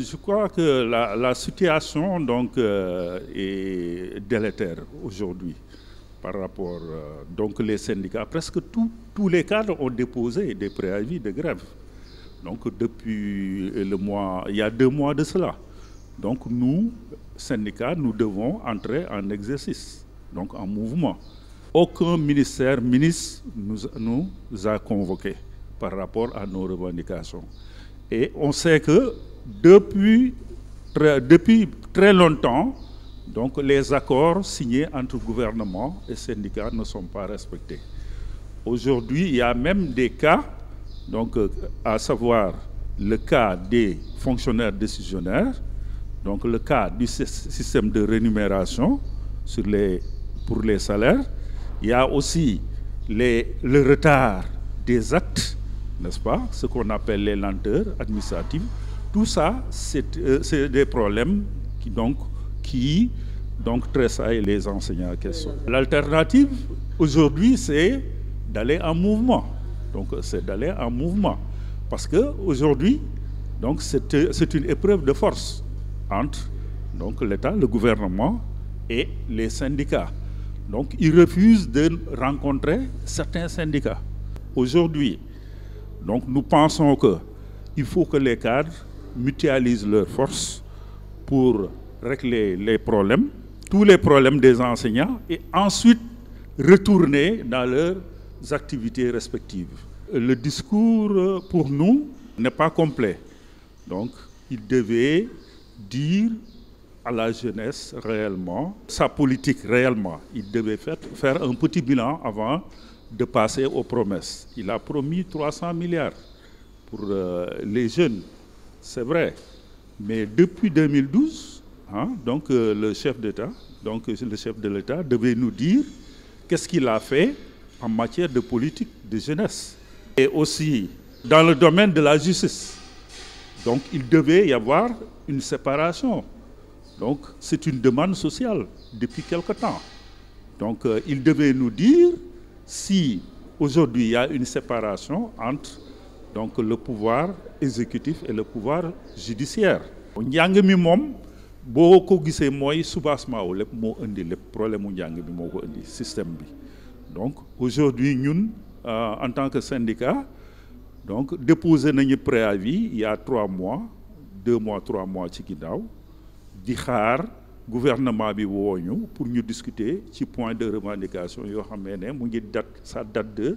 Je crois que la, situation donc, euh, est délétère aujourd'hui par rapport. aux euh, donc les syndicats, presque tous les cadres ont déposé des préavis de grève. Donc depuis le mois, il y a deux mois de cela. Donc nous, syndicats, nous devons entrer en exercice, donc en mouvement. Aucun ministère, ministre nous, nous a convoqués par rapport à nos revendications. Et on sait que depuis très, depuis très longtemps, donc les accords signés entre gouvernement et syndicats ne sont pas respectés. Aujourd'hui, il y a même des cas, donc, euh, à savoir le cas des fonctionnaires décisionnaires, donc le cas du système de rémunération sur les, pour les salaires. Il y a aussi les, le retard des actes, n'est-ce pas, ce qu'on appelle les lenteurs administratives. Tout ça, euh, c'est des problèmes qui, donc, tressaillent les enseignants question. L'alternative, aujourd'hui, c'est d'aller en mouvement. Donc, c'est d'aller en mouvement. Parce qu'aujourd'hui, c'est une épreuve de force entre l'État, le gouvernement et les syndicats. Donc, ils refusent de rencontrer certains syndicats. Aujourd'hui, nous pensons qu'il faut que les cadres mutualisent leurs forces pour régler les problèmes, tous les problèmes des enseignants, et ensuite retourner dans leurs activités respectives. Le discours, euh, pour nous, n'est pas complet. Donc, il devait dire à la jeunesse réellement, sa politique réellement. Il devait faire, un petit bilan avant de passer aux promesses. Il a promis 300 milliards pour euh, les jeunes c'est vrai. Mais depuis 2012, hein, donc, euh, le chef d'État, donc euh, le chef de l'État devait nous dire qu'est-ce qu'il a fait en matière de politique de jeunesse. Et aussi dans le domaine de la justice. Donc il devait y avoir une séparation. Donc c'est une demande sociale depuis quelque temps. Donc euh, il devait nous dire si aujourd'hui il y a une séparation entre donc le pouvoir exécutif et le pouvoir judiciaire. njàng mi moom boo ko gisee mooy soubassement wu lépp moo indi lépp problème mu bi moko andi système bi donc aujourd'hui ñun euh, en tant que syndicat donc déposé nañu préavis il y a trois mois deux mois trois mois ci ginnaaw di xaar gouvernement bi woñu pour ñu discuter ci point de revendication yo xamé né mu ngi date ça date de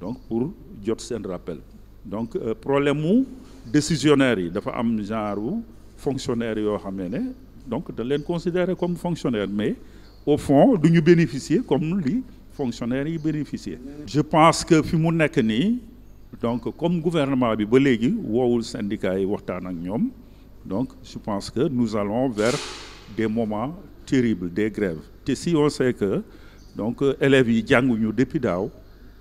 donc pour jot ce rappel donc euh, problème décisionnaire il dafa am genre fonctionnaire yo donc de les considérer comme fonctionnaires. mais au fond duñu bénéficient, bénéficier comme li fonctionnaire yi bénéficier je pense que fi mu donc comme gouvernement bi ba légui le syndicat yi waxtan ak donc je pense que nous allons vers des moments terribles des grèves Et si on sait que donc euh, élèves yi ñu depuis daw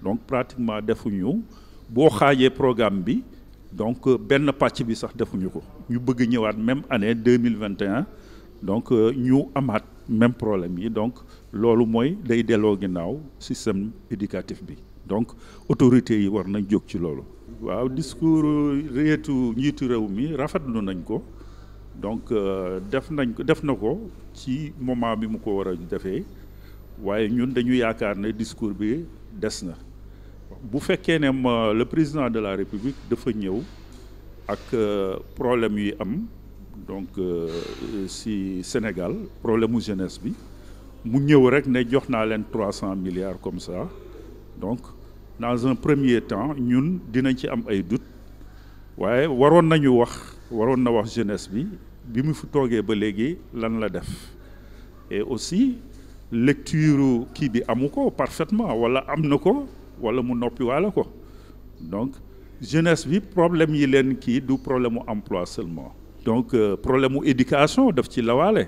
donc pratiquement defuñu bo xajé programme bi donc euh, ben patch bi sax defuñu ko ñu bëgg ñëwaat même année 2021. donc euh, ñu amaat même problème yi donc lolu moy day delloo ginnaw système éducatif bi donc autorité yi war nañ jóg ci lolu waaw discours réetu njiitu réew mi rafetlu nañ ko donc euh, def nañ ko def nako ci moment bi mu ko wara defé waye ñun dañu yaakaar né discours bi des na le président de la république de ak euh, problème am donc euh, si Sénégal problème jeunesse bi mu ñew rek milliards comme ça donc dans un premier temps ñun dinañ ci am ay doute waye waron nañu wax waron na wax jeunesse bi bi mu la def et aussi lecture qui bi parfaitement am wala mu noppi wala ko donc jeunesse bi problème yi len ki du problème emploi seulement donc euh, problème éducation daf ci lawaale